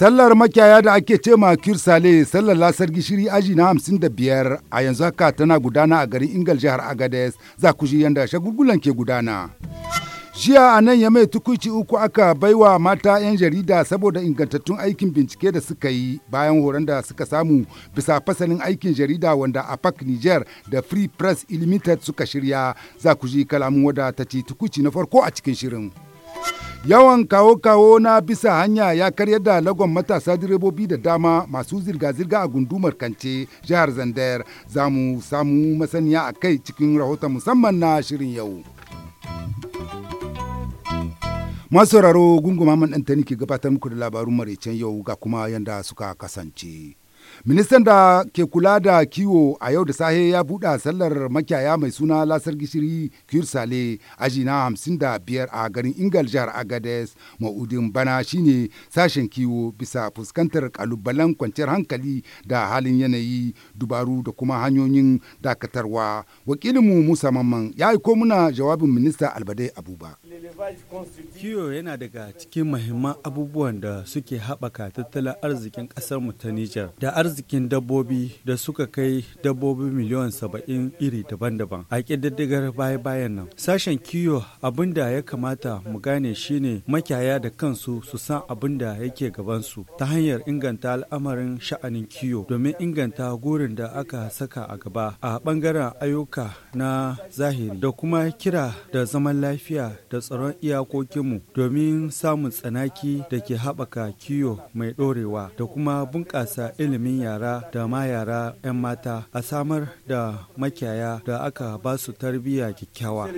Sallar makiyaya da ake ce ma Sale sallar lasar gishiri aji na hamsin da biyar a yanzu haka tana gudana a garin Ingal jihar Agades za ku ji yadda shagulgulan ke gudana. Jiya a nan ya mai tukuci uku aka baiwa mata 'yan jarida saboda ingantattun aikin bincike da suka yi bayan horon da suka samu bisa fasalin aikin jarida wanda a Park Niger da Free Press Limited suka shirya za ku ji kalamin wada ta ci tukuci na farko a cikin shirin. Yawan kawo-kawo na bisa hanya ya karyar da lagon matasa direbobi da dama masu zirga-zirga a gundumar Kance, jihar Zandayar. Za mu samu masaniya a kai cikin rahoton musamman na shirin yau. Masauraro gunguma man ɗan ke gabatar muku da labarun maraicen yau ga kuma yadda suka kasance. Ministan da ke kula da kiwo a yau da sahe ya buɗa sallar makiyaya mai suna lasar gishiri Kirsale aji na hamsin da biyar a garin Ingal jihar Agades ma'udin bana shine sashen kiwo bisa fuskantar kalubalen kwanciyar hankali da halin yanayi dubaru da kuma hanyoyin dakatarwa. Wakilinmu Musa Mamman ya yi muna jawabin minista albade Abuba. Kiwo yana daga cikin mahimman abubuwan da suke haɓaka tattalin arzikin ƙasar mu ta Nijar da arzikin dabbobi da suka kai dabbobi miliyan saba'in iri daban-daban a ƙididdigar baya-bayan nan. Sashen kiyo abin da ya kamata mu gane shine makiyaya da kansu su san abin da yake gabansu ta hanyar inganta al'amarin sha'anin kiyo domin inganta gurin da aka saka a gaba a ɓangaren ayyuka na zahiri da kuma kira da zaman lafiya da tsaron iyakokinmu domin samun tsanaki da ke haɓaka kiyo mai ɗorewa da kuma bunƙasa ilimin tsakanin yara da ma yara 'yan mata a samar da makiyaya da aka ba su tarbiyya kyakkyawa.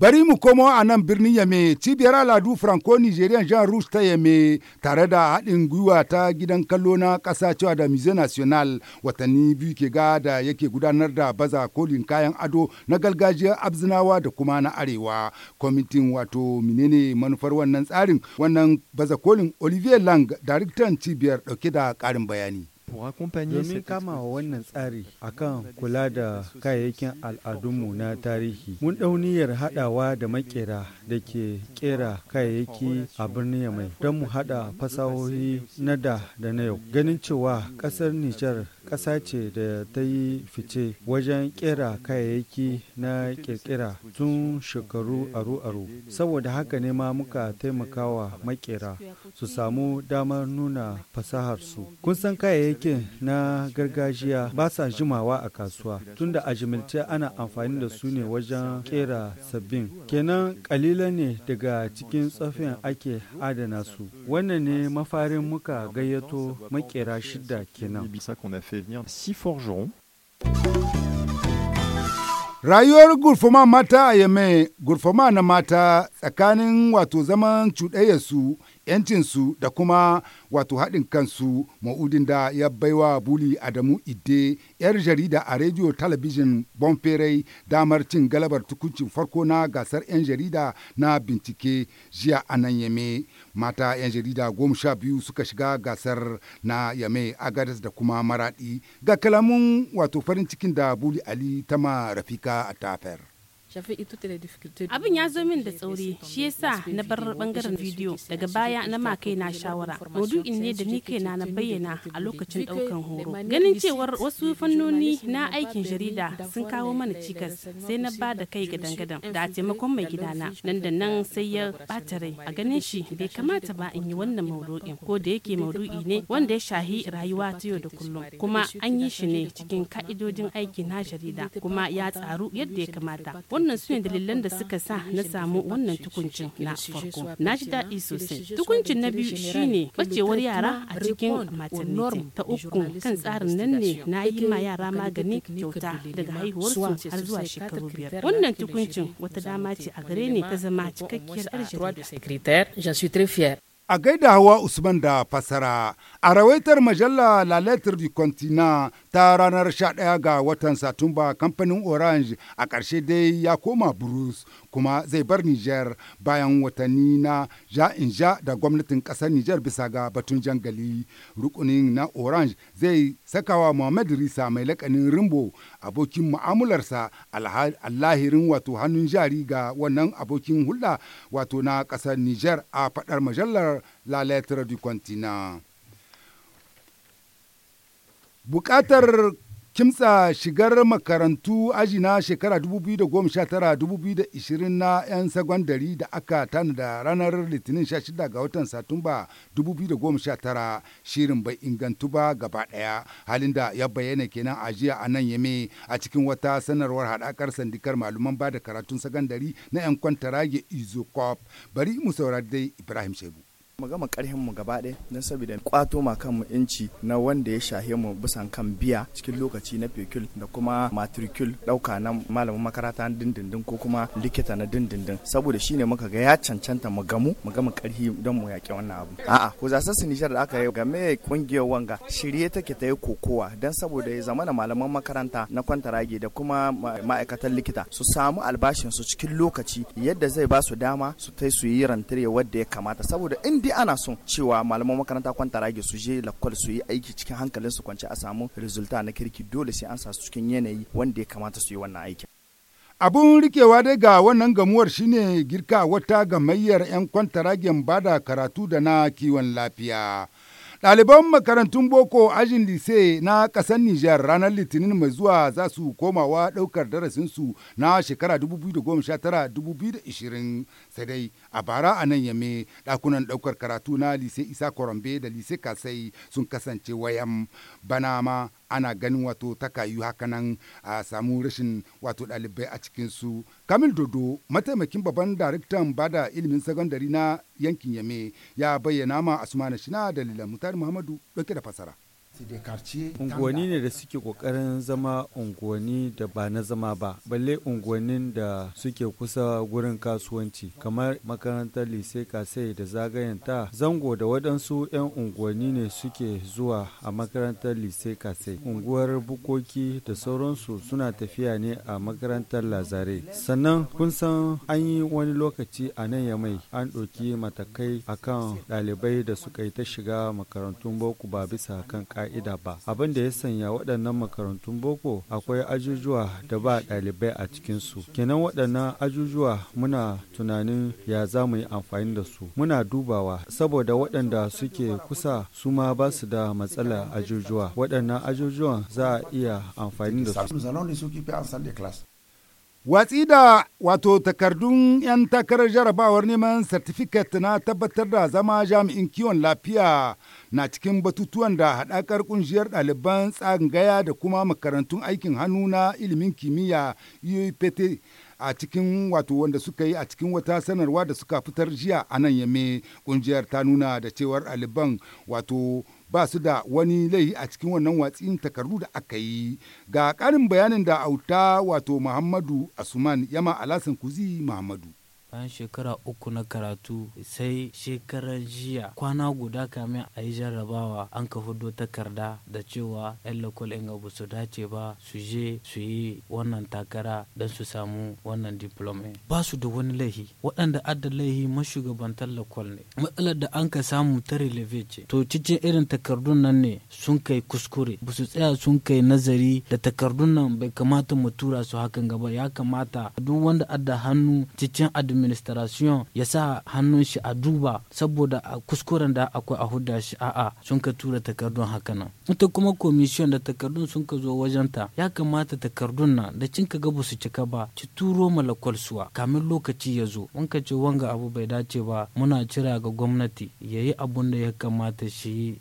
Bari mu komo a nan birnin Yame, cibiyar aladu Franco Nigerian Jean Rouge ta Yame tare da haɗin gwiwa ta gidan kallo na ƙasa cewa da Musée National watanni biyu ke ga da yake gudanar da baza kolin kayan ado na gargajiyar Abzinawa da kuma na Arewa. Kwamitin wato menene manufar wannan tsarin wannan baza kolin Olivier Lang, daraktan cibiyar ɗauke da ƙarin bayani. Domin kama wannan tsari a kan kula da kayayyakin al'adunmu na tarihi, mun dauniyar haɗawa da makera da ke kera kayayyaki a birnin Yamai don mu haɗa fasahohi na da da na yau. Ganin cewa ƙasar Nijar ƙasa ce da ta yi fice wajen kera kayayyaki na ƙirƙira tun shekaru aru-aru. Saboda haka ne ma muka taimakawa makera su samu damar nuna fasaharsu. Kun san kayayyaki Kayayyakin na gargajiya ba sa jimawa a kasuwa tunda a jimilce ana amfani da su ne wajen kera sabbin. Kenan kalila ne daga cikin tsafin ake adana su. Wannan ne mafarin muka gayyato makera shida kenan. Rayuwar gurfuma mata a Yemen, gurfuma na mata tsakanin wato zaman su yancinsu da kuma wato haɗin kansu ma'udin da ya baiwa buli adamu ide yar jarida a rediyo talabijin bonferai damar cin galabar tukuncin farko na gasar 'yan jarida na bincike jiya a nan yame mata 'yan jarida goma sha biyu suka shiga gasar na yame agadas da kuma maraɗi ga kalamun wato farin cikin da buli ali tama rafika a tafer abin ya zo min da tsauri shi yasa na bar bangaren bidiyo daga baya na ma kai na shawara maudu'in ne da ni kaina na bayyana a lokacin daukan horo ganin cewar wasu fannoni na aikin jarida sun kawo mana cikas sai na ba da kai gadan-gadan da taimakon mai gidana nan da nan sai ya bata rai a ganin shi bai kamata ba in yi wannan maudu'in ko da yake maudu'i ne wanda ya shahi rayuwa ta yau da kullum kuma an yi shi ne cikin ka'idodin aiki na jarida kuma ya tsaru yadda ya kamata wannan su ne dalilan da suka sa na samu wannan tukuncin na farko na ji daɗi sosai tukuncin na biyu shine bacewar yara a cikin maternity ta uku kan tsarin nan ne na yi ma yara magani kyauta daga su har zuwa shekaru biyar wannan tukuncin wata dama ce a gare ne ta zama cikakkiyar arziki a gaida hawa usman da fasara a rawaitar majalla la lettre du continent ta ranar 11 ga watan Satumba kamfanin Orange a ƙarshe dai ya koma Bruce kuma zai bar Niger bayan watanni na ja-in-ja da gwamnatin ƙasar Niger bisa ga batun jangali. Rukunin na Orange zai sakawa Muhammad Risa mai lakanin Rimbo abokin mu'amularsa allahirin wato hannun jari ga wannan abokin hulɗa wato na ƙasar Niger a faɗar majallar La Lettre du Continent. Bukatar kimtsa shigar makarantu aji na shekara 2019-2020 na 'yan sagwandari da aka tanada ranar Litinin 16 ga watan Satumba 2019 shirin bai ingantu ba gaba ɗaya halin da ya bayyana kenan ajiya jiya a nan yame a cikin wata sanarwar haɗakar sandikar malaman ba da karatun sagandari na 'yan kwantarage izokop bari mu saurari dai Ibrahim Shebu. mu gama karhin mu gaba ɗaya don saboda kwato ma mu inci na wanda ya shahe mu bisan kan biya cikin lokaci na pecul da kuma matricule ɗauka na malamin makaranta na dindindin ko kuma likita na dindindin saboda shine muka ga ya cancanta mu gamu mu gama karhi don mu yaƙi wannan abu a'a ko su nijar da aka yi game da kungiyar wanga shirye take ta yi kokowa don saboda ya zama malaman makaranta na kwantarage da kuma ma'aikatan likita su samu albashin su cikin lokaci yadda zai ba su dama su tai su yi rantare wadda ya kamata saboda indi bi ana son cewa malaman makaranta kwanta rage su je lakwal su yi aiki cikin hankalin su kwance a samu rizulta na kirki dole sai an sa su cikin yanayi wanda ya kamata su yi wannan aikin abun rikewa dai ga wannan gamuwar shine girka wata gamayyar 'yan kwantaragen bada karatu da na kiwon lafiya Ɗaliban makarantun boko ajin lise na ƙasar Nijar ranar Litinin mai zuwa za su komawa ɗaukar darasinsu na shekara 2019-2020 sai dai a bara a nan yame ɗakunan ɗaukar karatu na lise Isa Kwarambe da lise Kasai sun kasance wayan bana ma ana ganin wato ta kayu hakanan a samu rashin wato ɗalibai a cikinsu. Kamil Dodo mataimakin babban daraktan bada ilimin sagandari na yankin Yame ya bayyana ma Asmana Shina dalilan Mutari Muhammadu ɗauke da fasara. unguwanni ne da suke kokarin zama unguwanni da ba na zama ba balle unguwannin da suke kusa gurin kasuwanci kamar makarantar lise kasai da zagayen ta zango da waɗansu 'yan unguwanni ne suke zuwa a makarantar lise kasai unguwar bukoki da sauransu suna tafiya ne a makarantar lazare sannan kun san an yi wani lokaci a nan ya mai an ɗauki matakai akan ɗalibai da suka yi ta shiga makarantun boko ba bisa kan ƙa'ida ƙa'ida ba abin da ya sanya waɗannan makarantun boko akwai ajujuwa da ba ɗalibai a cikinsu kenan waɗannan ajujuwa muna tunanin ya za mu yi amfani da su muna dubawa saboda waɗanda suke kusa su ma ba su da matsala ajujuwa waɗannan ajujuwan za a iya amfani da su watsi da wato takardun 'yan takarar jarabawar neman certificate na tabbatar da zama jami'in kiwon lafiya na cikin batutuwan da haɗakar ƙungiyar ɗaliban tsangaya da kuma makarantun aikin hannu na ilimin kimiyya UPT e a cikin wato wanda suka yi a cikin wata sanarwa da suka fitar jiya a nan yame ƙungiyar ta nuna da cewar ɗaliban wato ba su da wani laihi a cikin wannan watsin takardu da aka yi ga ƙarin bayanin da auta wato muhammadu asuman yama alasan kuzi muhammadu bayan shekara uku na karatu sai shekaran jiya kwana guda kamin a yi jarrabawa an ka hudo takarda da cewa yan lokal yan ba su dace ba su je su yi wannan takara don su samu wannan diploma ba su da wani laihi waɗanda adda laihi mashugabantar lokal ne matsalar da an ka samu ta releve ce to cikin irin takardun nan ne sun kai kuskure ba su tsaya sun kai nazari da takardun nan bai kamata mu tura su hakan gaba ya kamata duk wanda adda hannu cikin adda administration ya sa hannun shi a duba saboda a kuskuren da akwai a huda shi a'a sun ka tura takardun haka nan ita kuma commission da takardun sun ka zo ta ya kamata takardun nan da cinka ga ba su cika ba ci turo malakwal suwa kamin lokaci ya zo wanka ce wanga abu bai dace ba muna cira ga gwamnati ya yi abun da ya kamata shi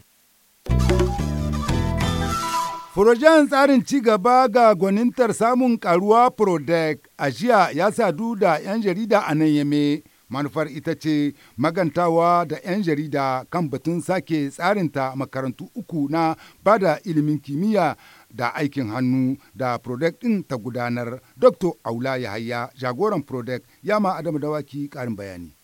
Furojen tsarin ci gaba ga gwanintar samun karuwa Prodec a jiya ya sadu da 'yan jarida a nan yame manufar ita ce magantawa da 'yan jarida kan batun sake tsarinta makarantu uku na bada ilimin kimiyya da aikin hannu da Prodec ɗin ta gudanar. Dr. Aula Yahaya jagoran Prodec ya ma Adamu Dawaki ƙarin bayani.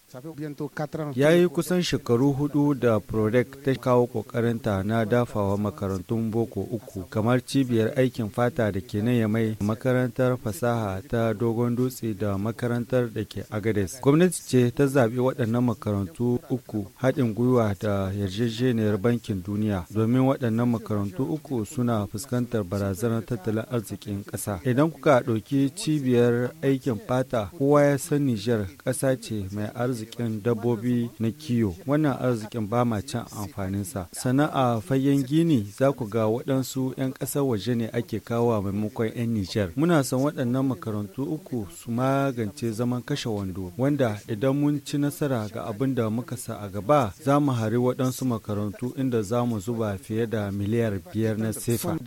Ya yi kusan shekaru hudu da Prodec ta kawo kokarinta na dafawa makarantun boko uku kamar cibiyar aikin fata da ke nan mai makarantar fasaha ta dogon dutse da makarantar da ke Agades. Gwamnati ce ta zaɓi waɗannan makarantu uku haɗin gwiwa da yarjejeniyar bankin duniya domin waɗannan makarantu uku suna fuskantar barazanar tattalin arzikin ƙasa idan kuka ɗauki cibiyar aikin fata kowa ya san nijar ƙasa ce mai arzikin dabbobi na kiyo wannan arzikin ba ma cin amfaninsa sana'a fagen gini za ku ga waɗansu 'yan ƙasar waje ne ake kawo maimakon 'yan nijar muna son waɗannan makarantu uku su magance zaman kashe wando wanda idan mun ci nasara ga abin da muka muka sa a gaba za mu hari waɗansu makarantu inda za mu zuba fiye da miliyar biyar na sefa.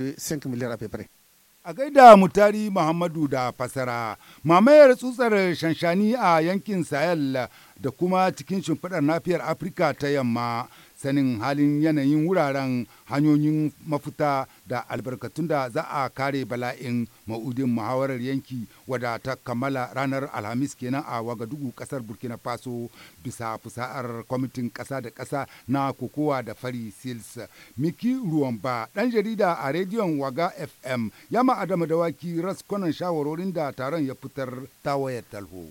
a gaida mutari muhammadu da fasara mamayar tsutsar shanshani a yankin sahel da kuma cikin shimfiɗar nafiyar afirka ta yamma sanin halin yanayin wuraren hanyoyin mafita da albarkatun da za a kare bala'in ma'udin muhawarar yanki wadda ta kammala ranar alhamis kenan a wagadugu kasar burkina faso bisa fusa'ar kwamitin ƙasa da ƙasa na kokowa da fari sils miki ruwanba ɗan jarida a rediyon waga fm yama adama dawaki raskunan shawarorin da taron ya fitar ta wayar talho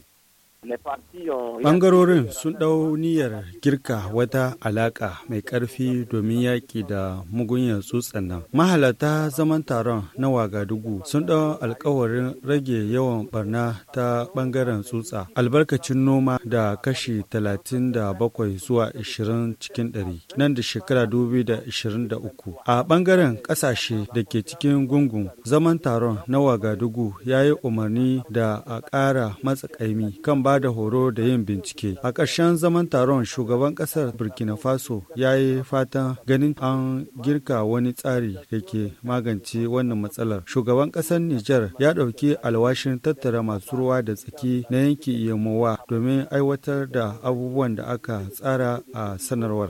Bangarorin sun ɗau niyyar girka wata alaƙa mai ƙarfi domin yaƙi da mugunyar tsutsan nan. Mahalarta zaman taron na Wagadugu sun ɗau alkawarin rage yawan barna ta ɓangaren tsutsa, albarkacin noma da kashi 37 zuwa 20 cikin 100 nan da shekara 2023. A ɓangaren ƙasashe da ke cikin gungun, zaman taron na Wagadugu ya yi umarni da a ƙara matsakaimi kan ba da horo da yin bincike. A ƙarshen zaman taron shugaban ƙasar Burkina Faso ya yi fatan ganin an girka wani tsari da ke magance wannan matsalar. Shugaban ƙasar Nijar ya ɗauki alwashin tattara masu ruwa da tsaki na yanki Yamowa domin aiwatar da abubuwan da aka tsara a sanarwar.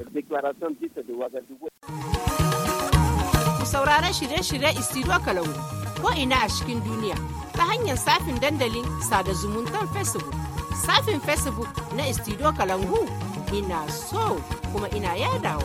Sauraron shirye-shirye Istiro Kalau ko ina a cikin duniya ta hanyar safin dandalin sada zumuntar Facebook. safin facebook na istido kalangu ina so kuma ina yadawa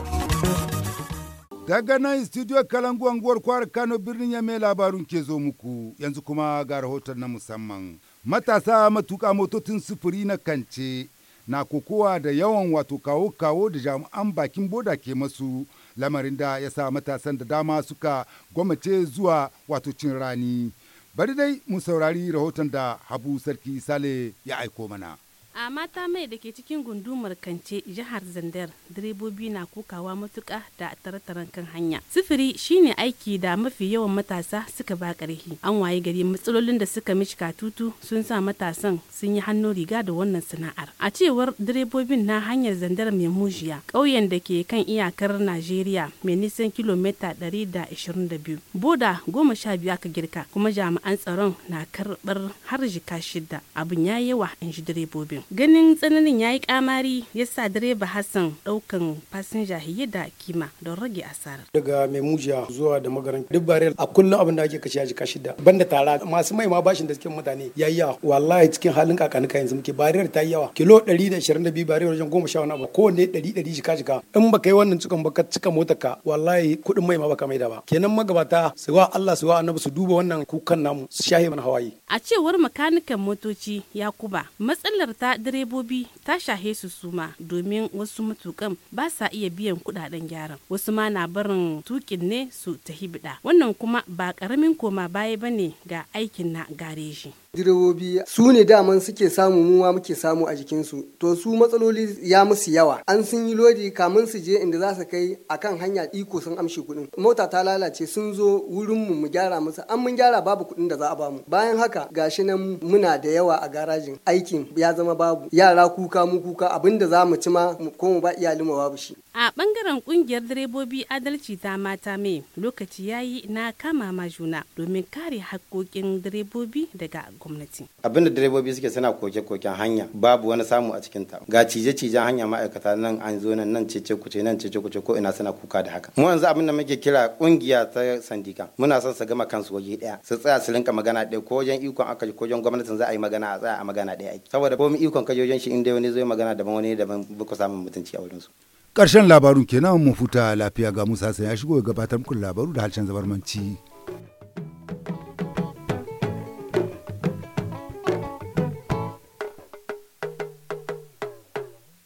daga nan studio kalangu anguwar kwara kano birnin ya mai labarun ke zo muku yanzu kuma ga rahoton na musamman matasa matuka motocin sufuri na kance na kokowa da yawan wato kawo-kawo da jami'an bakin boda ke masu lamarin da ya sa matasan da dama suka gwamace zuwa wato cin rani Bari dai mu saurari rahoton da Habu Sarki Sale ya aiko mana. a mata mai da ke cikin gundumar kance jihar zandar direbobi na kokawa matuka da tare-taren kan hanya sifiri shine aiki da mafi yawan matasa suka ba karhi an waye gari matsalolin da suka mishka tutu sun sa matasan sun yi hannu riga da wannan sana'ar a cewar direbobin na hanyar zandar mai mujiya ƙauyen da ke kan iyakar najeriya mai nisan kilomita da da 122 boda goma sha biyu aka girka kuma jami'an tsaron na karɓar har jika shida abin ya yawa in ji direbobin ganin tsananin ya yi kamari ya sa direba hassan daukan fasinja hiye da kima don rage asarar daga mai mujiya zuwa da magaran duk barel a kullum abin da ake kashe ya jika shida banda tara masu mai ma bashin da cikin mutane ya yi yawa wallahi cikin halin kakanika yanzu muke barel ta yi yawa kilo 122 barel wajen goma sha wani abu kowanne 100 jika jika in baka yi wannan cikin baka cika mota ka wallahi kuɗin mai ma baka mai da ba kenan magabata su wa Allah su wa annabi su duba wannan kukan namu su shahe mana hawaye a cewar makanikan motoci yakuba matsalar ta direbobi ta shahe su suma domin wasu matukan ba sa iya biyan kudaden gyaran wasu ma na barin tukin ne su ta hibida wannan kuma ba karamin koma baya bane ga aikin na gareji direbobi su ne daman suke samu muwa muke samu a jikinsu to su matsaloli ya musu yawa an sun yi lodi kamun su je inda za su kai kan hanya iko sun amshi kuɗin mota ta lalace sun zo wurin mu mu gyara musu an mun gyara babu kuɗin da za a bamu bayan haka gashi nan muna da yawa a garajin aikin ya zama babu yara kuka mu kuka abinda za mu ci ma ko mu ba iyalin mu babu shi a bangaren kungiyar direbobi adalci ta mata mai lokaci yayi na kama ma juna domin kare hakkokin direbobi daga gwamnati abinda direbobi suke suna koke-koken hanya babu wani samu a cikin ta ga cije-cijen hanya ma'aikata nan an zo nan nan cece kuce nan cece kuce ko ina suna kuka da haka mu yanzu abinda muke kira kungiya ta sandika muna son su gama kansu waje daya su tsaya su rinka magana daya ko wajen ikon aka ko wajen gwamnatin za a yi magana a tsaya a magana daya saboda komai ikon kajojin shi inda wani zai magana daban wani daban ba ku samun mutunci a wurin su Karshen labarun kenan mun futa lafiya ga musa sai ya shigo ya gabatar muku labaru da harshen zabarmanci.